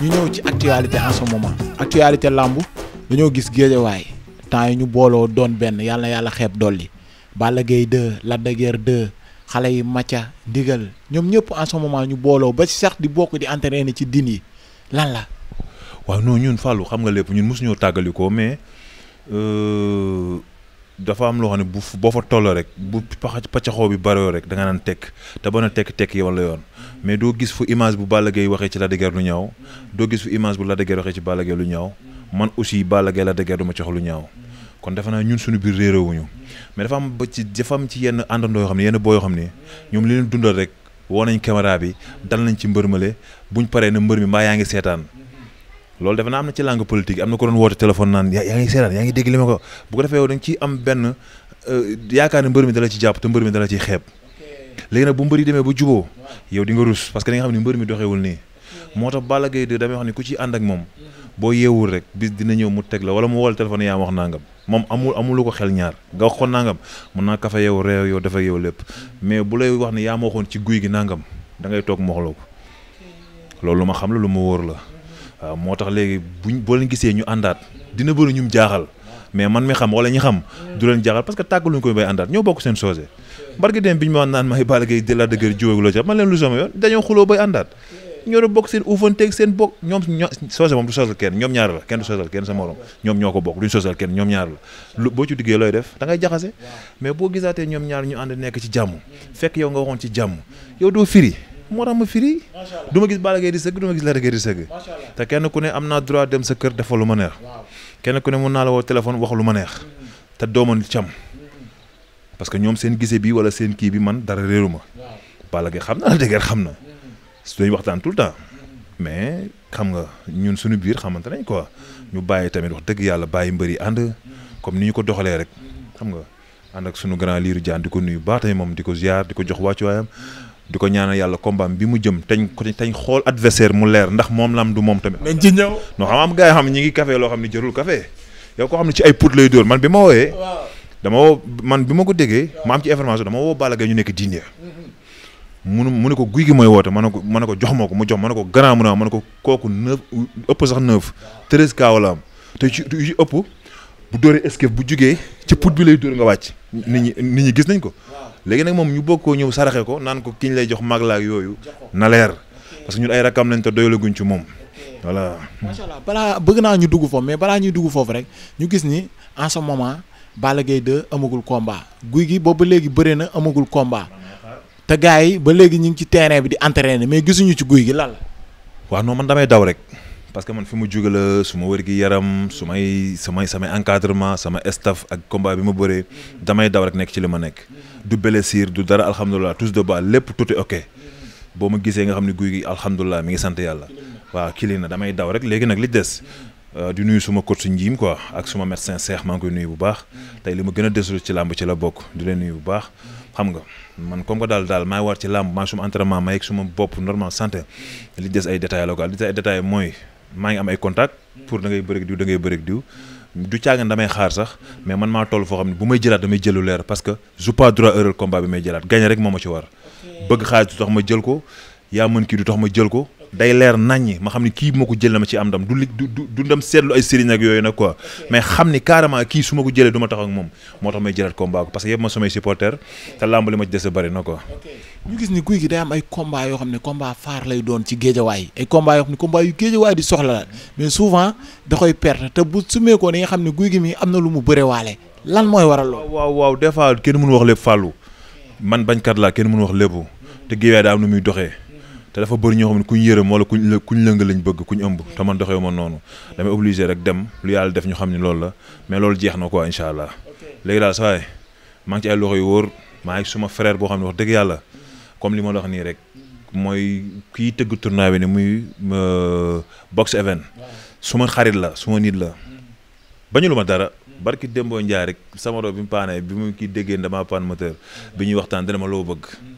ñu ñëw ci actualité en ce moment actualité làmb dañu gis géejawaay temps yi ñu bolo doon ben yalla na yàlla xeeb dolli Balla gay 2 la de guerre 2 xalé yi matcha digal ñom ñëpp en ce moment ñu bolo ba ci sax di bokku di entraîner ci din yi lan la. wa no ñun fallu xam nga lepp ñun ñu tagaliko mais euh, dafa am lo xam bu boo fa tolloo rek bu pàcc pàccaxoo bi baro rek da nga nan tek ta ba na tek tekk la yoon. mais doo gis fu image bu Balla Gaye waxee ci Lac de Guiers lu ñaaw doo gis fu image bu Lac de Guiers waxee ci Balla Gaye lu ñaaw man aussi Balla Gaye Lac de Guiers du ma lu ñaaw kon defe naa ñun suñu biir réeréewuñu mais dafa am ba ci dafa ci yenn àndandoo yoo xam ne yenn boo yoo xam ne ñoom li leen dundal rek woo nañ caméra bi dal nañ ci mbër buñ paree na mbër mi mbaa yaa ngi seetaan loolu defe naa am na ci langue politique am na ko doon woote téléphone naan yaa ngi seetaan yaa ngi dégg li ma am benn euh, yaakaar ne mbër mi dala ci jàpp te mbër mi dala ciy xeeb léegi nag bu mbëri demee ba juboo yow di nga rus parce que da nga xam ne mbër mi doxewul nii moo tax Balla Gaye 2 damay wax ne ku ci ànd ak moom boo yeewul rek bis dina ñëw mu teg la wala mu wol téléphone yaa wax nangam moom amul amulu ko xel ñaar nga wax ko nangam kafa yow yow dafa yow lépp mais bu lay wax ne yaa ma waxoon ci guy gi nangam da toog moxloo lu ma xam la lu ma wóor la waaw moo tax léegi buñ boo leen gisee ñu àndaat dina bëri mu jaaxal mais man mi xam wala ñi xam du leen jaxal parce que koy bay àndaat ñoo bokk seen soose barki dem biñu ma naan may bal gay de la dëgër jowé lo ci man leen lu sama yoon dañu xulo bay àndaat ñoo do bokk seen uufanteeg seen bok ñom soose mom du soosal kenn ñom ñaar la kenn du soosal kenn sa morom ñom ñoko bok bokk duñ soosal kenn ñom ñaar la bo ci diggé loy def da ngay jaxase mais bo gisaté ñom ñaar ñu and nekk ci jamm fekk yow nga waxon ci jamm yow do firi moo firi duma gis balagay di seug duma gis la regay di seug ta kenn ku ne amna droit dem sa kër defal neex kenn ku ne mun naa la woo téléphone wax lu ma neex te dooman cam parce que ñoom seen gise bi wala seen kii bi man dara réeru ma Balla Gaye xam na Lac de xam na su dañuy waxtaan tout le temps mais xam nga ñun suñu biir xamante nañ quoi ñu bàyyi tamit wax dëgg yàlla bàyyi mbër yi ànd comme ni ñu ko doxalee rek xam nga ànd ak sunu grand liiru jaan di ko nuyu baax tamit moom di ko ziar di ko jox waayam di ko ñaanal yàlla combat bi mu jëm teñ ko xool adversaire mu leer ndax moom lam du moom tamit. nañ ci ñëw non xam am gars yi xam ñi ngi café loo xam ne jërul café yow ko xam ne ci ay put lay dóor man bi ma wooyee. dama woo man bi ma ko déggee ma am ci information dama woo Balla Gaye ñu nekk diine. munu mu ne ko guy gi mooy woote ma ne ko ma ne ko jox ma ko mu jox ma ne ko grand mu ne ma ne ko kooku neuf ëpp sax neuf treize kaaw la am te ci yu ëpp bu dóoree esquive bu jugee ci put bi lay dóor nga wàcc. nit ñi nit ñi gis nañ ko. léegi nag moom ñu bokkoo koo ñëw saraxe ko naan ko ki ñu lay jox mag la yooyu na leer parce que ñun ay rakam lañ te doyalaguñ ci moom voilà. macha allah balaa bëgg naa ñu dugg foofu mais balaa ñuy dugg foofu rek ñu gis ni en ce moment Balla Gaye 2 amagul combat guy gi boobu ba léegi bëre na amagul combat te yi ba léegi ñu ngi ci terrain bi di entraîner mais gisuñu ci guy gi lan la. waaw non man damay daw rek parce que man fi mu jóge su ma wér gi yaram su may samay encadrement sama staff ak combat bi ma bëree damay daw rek nekk ci li ma nekk. du blessure du dara alhamdulilah tous de bas lépp tout est ok boo ma gisee nga xam ne guy gi alhamdulilah mi ngi sant yàlla waaw kili na damay daw rek léegi nag li des euh, di nuyu suma coach njiim quoi ak suma médecin seex maa ngi koy nuyu bu baax tey li ma gën a desul ci làmb ci la bokk di leen nuyu bu baax xam nga man comme que daal daal maay war ci làmb maa suma entraînement maa yegg suma bopp normal santé li des ay détails la quoi li des ay détails mooy maa ngi am ay contact pour da ngay bëri diw da ngay bëri du caagan damay xaar sax mais man maa toll foo xam ne bu may jëlaat damay jëlu leer parce que j'ai pas droit erreur combat bi may jëlaat gagné rek moo ma ci war bëgg xaalis du tax ma jël ko yaa mën kii du tax ma jël ko day leer naññ ma xam ni kii bu ma ko jël na ma ci am ndam du li du du ndam seetlu ay sëriñ ak yooyu nag quoi mais xam ni carrément kii su ma ko jëlee du ma tax ak moom moo tax may jëlaat combat ko parce que yëpp ma sumay supporter te ma ci des na quoi ñu gis ni guy gi day ay combat yoo xam ne combat faar lay doon ci géejawaay ay combat yoo xam ne combat yu géejawaay di soxla la mais souvent da koy perte te bu su ko ni nga xam ne guy gi mi am na lu mu bërewaale lan mooy waral loolu waaw waaw des fois kenn mënu wax lépp fàllu man bañkat laa kenn mënu wax lépp te géewaay daa am nu muy doxee te dafa bëri ñoo xam ne kuñ yërëm wala kuñ la kuñ lëng lañ bëgg kuñ ëmb mm. te man doxewu ma noonu damay obligé rek dem lu yàlla def ñu xam ne loolu la mais loolu jeex na quoi incha allah léegi daal saa maa ngi ci ay loxo yu wóor maa ngi suma frère boo xam ne wax dëgg yàlla comme li ma la wax nii rek mooy kii tëgg tournoi bi ni muy euh, box event suma xarit la suma nit la mm. bañu lu ma dara barki démboo njaay rek sama doo bi mu paanee bi mu kii déggee damaa paan moteur bi ñuy waxtaan dina ma loo bëgg mm.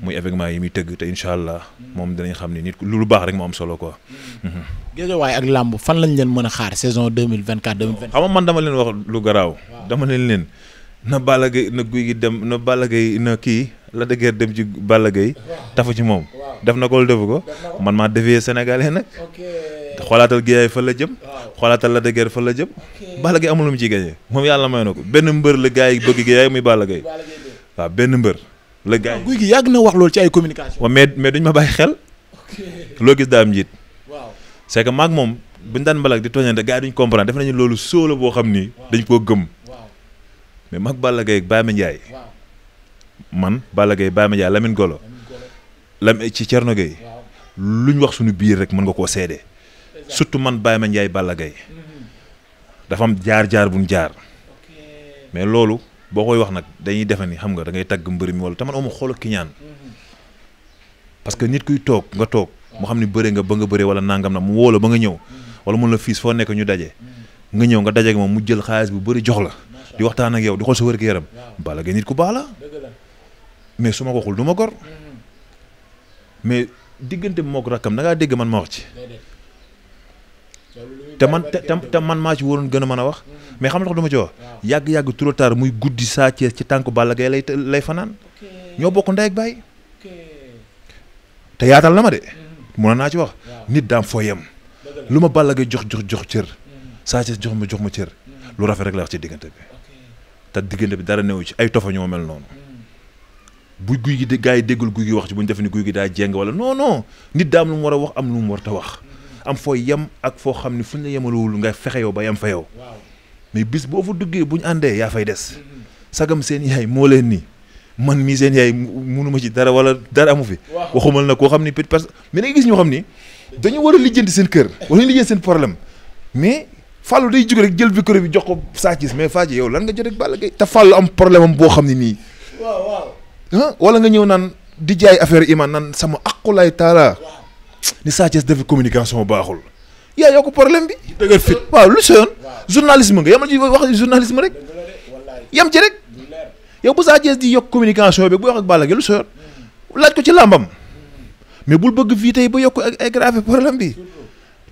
muy événement yi muy tëgg te incha allah moom dinañ xam ne nit lu baax rek moo am solo ko géejawaay ak làmb fan lañ leen mën a xaar saison deux mille vingt quatre deux mille vingt xam man dama leen wax lu garaaw. dama leen leen na Balla Gaye na guy gi dem na Balla Gaye na kii la dëgër dem ci Balla Gaye tafu ci moom. def na ko defu ko man maa defee sénégalais nag. xoolaatal Guèye fa la jëm. xoolaatal Lac de Guiers fa la jëm. Balla Gaye amul lu mu ciy gagné moom yàlla may na ko benn mbër la gars yi bëgg Guèye muy Balla Gaye waaw benn mbër. la gars yi gi yàgg na wax loolu ci ay communication. waaw mais mais duñ ma bàyyi xel. loo gis daam njiit. waaw maak que maag moom buñ daan mbalak di tooñante gars yi duñ comprendre def nañu loolu sóola boo xam ni. dañ koo gëm. mais mag Balla Gaye ak Baye Ndiaye. man Balla Gaye Baye Ndiaye Lamine Golo. Lam eh, ci Thierno Gueye. lu ñu wax suñu biir rek mën nga koo seede. surtout man Baye Ndiaye Balla Gaye. Mhm. dafa am jaar jaar buñ jaar. mais loolu. bokoy wax nak dañuy defe ni xam nga da ngay tag mbër mi wala te amu xol xool ki ñaan parce que nit kuy tok nga tok mo xamni beure nga ba nga beure wala nangam na mu wolo ba nga ñew wala mun la fiis fo nek ñu dajé nga ñew nga dajé ak mom mu jël xaaliss bu bëri jox la di waxtaan ak yow di xol sa wérgu yaram bala nga nit ku bala mais suma ma ko xul duma gor mhm. mais mo ko rakam da nga dégg man mo wax ci te man te te man maa ci waroon gën a mën a wax mais xam nga tax dama ci wax yàgg-yàgg trop muy guddi Sa Thiès ci tànk Balla Gaye lay lay fanaan ñoo bokk ndey ak baay te yaatal na ma de mun mhm. naa ci wax nit daam foo yem lu ma Balla Gaye jox jox jox cër mhm. Sa Thiès jox ma jox ma cër mhm. lu rafet rek la wax ci diggante bi te diggante bi dara newu ci ay tofa ñoo mel noonu bu guy gi de gars yi déggul guy gi wax ci mu ñu def ni guy gi daa jéng wala non nit daam lu mu war a wax am lu mu war ta wax am foo yem ak foo xam ni fu ñu la yemalowul nga fexe yow ba yem fa yow mais bis boo fa duggee bu ñu àndee yaa fay des sagam seen yaay moo leen nii man mii seen yaay munuma ci dara wala dara amu fi waxumal na koo xam ni peut-être mais danga gis ñoo xam ni dañu war a lijjanti seen kër wala ñu lijjanti seen problème mais Fallou day jóge rek jël victoire bi jox ko Sathies mais Fathia yow lan nga jot ak Balla Gaye te Fallou am problème boo xam ne nii waaw ni Sa Thiès defi communication baaxul yaa yokk problème bi. dëgg fit waaw lu si yoon. journalisme nga yamal ci wax journalisme rek. yam ci rek. yow bu Sa di yokk communication bi bu wax ak Balla Gaye lu si laaj ko ci làmbam mais bul bëgg fii tey ba yokk ak aggraver problème bi mm.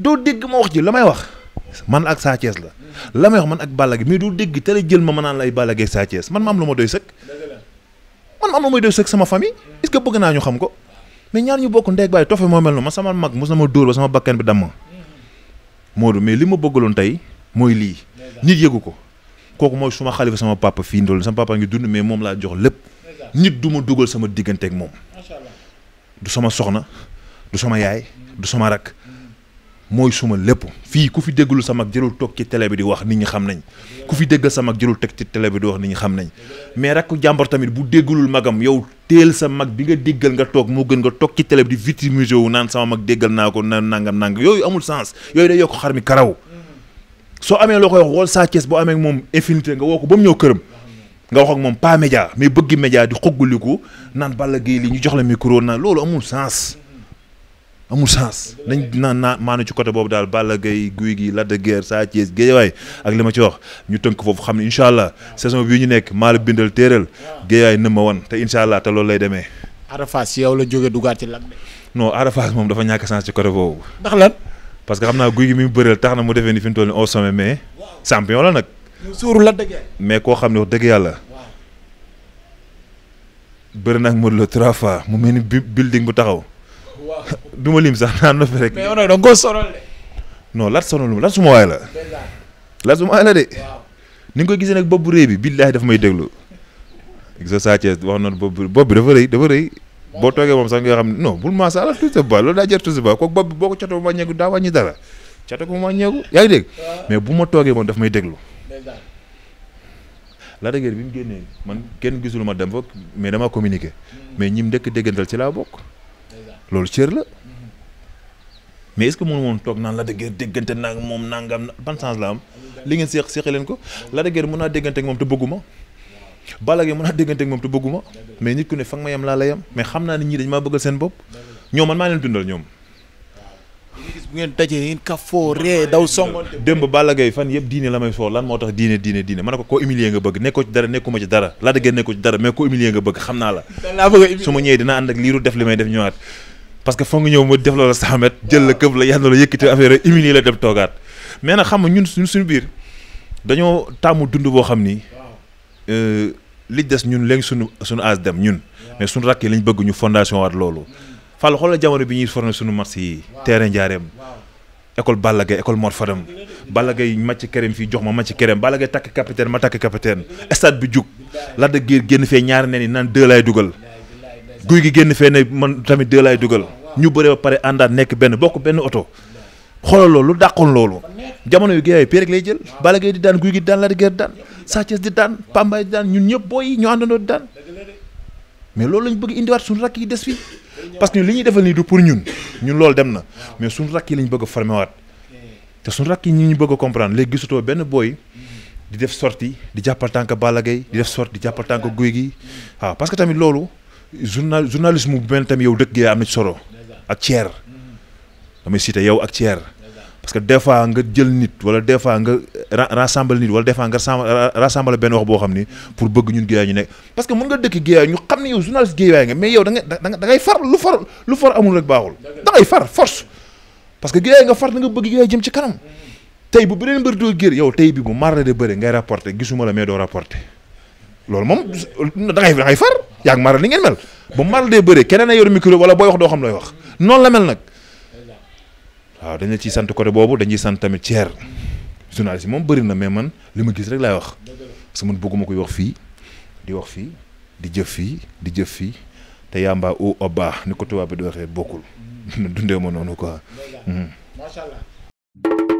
doo dégg ma wax ji la may wax man ak Sa la la may wax man ak Balla Gaye mais doo dégg te la jël ma ma naan lay Balla Gaye Sa man ma am lu ma doy sëkk. man ma am lu ma doy sëkk sama famille est bëgg naa ñu xam ko. mais ñaar ñu bokk ndeeg baay tofe moo mel noonu ma sama mag mu sama ma dóor ba sama bakkan bi damm. Modou mais li ma bëggaloon tey mooy lii. nit yëgu ko kooku mooy suma xalifa sama papa fii ndool sama papa ngi dund mais moom laa jox lépp. nit du ma dugal sama digganteeg moom. du sama soxna du sama yaay du sama rak mooy suma lépp fii ku fi dégglu sa mag jërul toog ci télé bi di wax nit ñi xam nañ ku fi déggal sa mag jërul teg ci télé bi di wax nit ñi xam nañ mais rakk jàmbar tamit bu dégglul magam yow teel sa mag bi nga déggal nga toog moo gën nga toog ci télé bi di victimiser wu naan sama mag déggal naa ko na nangam nang yooyu amul sens yooyu day yokk xar mi karaw soo amee loo koy wax wol saa Thiès boo amee moom infinité nga woo ko ba mu ñëw këram nga wax ak moom pas média mais bëgg média di xogguliku naan Balla Gaye li ñu jox la micro naan loolu amul sens amul sens nañ na naa maanu ci côté boobu daal bala Balla Gaye Gouye Gui Lac de Guiers Sa Thiès Guédiawaye ak li ma ci wax ñu tënk foofu xam ne incha allah saison bii ñu nekk maa la bindal téeral Guédiawaye nëmma wan te incha allah te loolu lay demee. Arafas yow la jógee dugaat ci lan. non Arafas moom dafa ñàkk sens ci côté boobu. ndax lan. parce que xam naa guy Gui mi mu bëreel tax na mu defee ni fi mu toll nii au sommet mais. champion la nag. suuru la dëgg. mais koo xam ne wax dëgg yàlla. bëri na ak fois mu mel ni building bu taxaw. du ma lim sax naan noppi rek. mais yow nag da nga koo sonal lat sonal ma lat suma waay la. lat suma waay la de. ni nga koy gisee nag bopp bu rëy bi billaahi dafa may déglu. Exo Sa Thiès wax noonu bopp bi bopp bi dafa rëy dafa rëy. boo toogee moom sax nga xam ne non bul maa sa ala tuuti ba loolu daa jar tuuti ba kooku bopp bi boo ko catoo ma ñeegu daa wàññi dara catoo ko ma ñeegu yaa ngi mais bu ma toogee moom daf may déglu. Lac de Guiers bi mu génnee man kenn gisul ma dem fa mais dama communiqué hmm. mais ñim ndëkk déggantal ci laa bokk. lol cër la mais est-ce que mënu woon toog naan la dëgër déggante naa moom nangam ban sens la am li ngeen seex seexee leen ko la dëgër mën naa déggante ak moom te bëgguma Balla Gaye mën naa déggante ak moom te bëgguma mais nit ku ne fa ma yem laa la yem mais xam naa ne ñii dañ maa bëggal seen bopp ñoom man maa leen dundal ñoom. bu ngeen dajee ngeen kafoo ree daw song. démb Balla fan yëpp diine la may soo lan moo tax diine diine diine ma ne ko koo humilier nga bëgg nekkoo ci dara nekkuma ci dara laa dëgër nekkoo ci dara mais koo humilier nga bëgg xam la. su ma dina ànd ak liiru def li may def ñëwaat parce que foo ngi ñëw ma def la la saamet jël la këb la yàlla la yëkkati affaire yi humilier la dem toogaat mais na xam nga ñun suñu suñu biir dañoo tàmmu dund boo xam ni euh, li des ñun léegi suñu suñu âge dem ñun mais suñu rakk yi lañu bëgg ñu fondation waat loolu mm. Fall xoolal jamono bi ñuy former suñu match yi terrain njaareem école Balla Gaye école Mor Fadam Balla Gaye match kerem fii jox ma match kerem Balla Gaye takk capitaine ma takk capitaine stade bi jug Lac de Guiers génn fee ñaari nen yi naan deux laay dugal guy gi génn fee ne man tamit deux laay dugal ñu bëre ba pare àndaat nekk benn bokk benn oto xoolal loolu lu dàqoon loolu jamono yu géej péré lay jël Balla Gaye di daan guy gi di daan Lac de di daan Sa Thiès di daan Pambaay di daan ñun ñëpp booy yi ñoo àndandoo di daan mais loolu lañ bëgg indiwaat suñu rakk yi des fi parce que li ñuy defal nii du pour ñun ñun loolu dem na mais suñu rakk yi lañ bëgg a formé waat te suñu rakk yi ñi ñu bëgg a comprendre léegi gisutoo booy di def sorti di jàppal tànk Balla Gaye di di jàppal tànk guy gi waaw parce que tamit loolu journal journalisme bu mel tamit yow dëkk gi am na ci solo ak Thier damay cité yow ak Thier parce que des fois nga jël nit wala des fois nga rassemble nit wala des fois nga rassemble benn wax boo xam ni pour bëgg ñun géeyaay ñu nekk parce que mën nga dëkk géeyaay ñu xam ne yow journaliste nga mais yow da nga da ngay far lu far lu far amul rek baaxul da ngay far force parce que géeyaay nga far da nga bëgg géeyaay jëm ci kanam tey bu beneen mbër doo géer yow tey bi bu marre de bëre ngay rapporter gisuma la mais doo rapporter loolu moom da ngay da ngay far yaa ngi maral ni ngeen mel bu mal dee bëree keneen a yor micro wala booy wax doo xam looy wax noonu la mel nag waaw dañ la ciy sant côté boobu dañuy sant tamit cher journaliste moom bëri na mais man li ma gis rek lay wax parce que man bëgguma koy wax fii di wax fii di jëf fii di jëf fii te yamba o oba ni ko tubaab bi di waxee bokkul dundee ma noonu quoi. macha